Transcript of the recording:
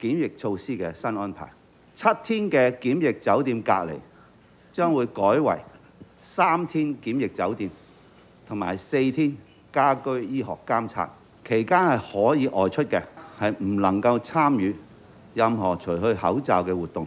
檢疫措施嘅新安排，七天嘅檢疫酒店隔離將會改為三天檢疫酒店，同埋四天家居醫學監察，期間係可以外出嘅，係唔能夠參與任何除去口罩嘅活動。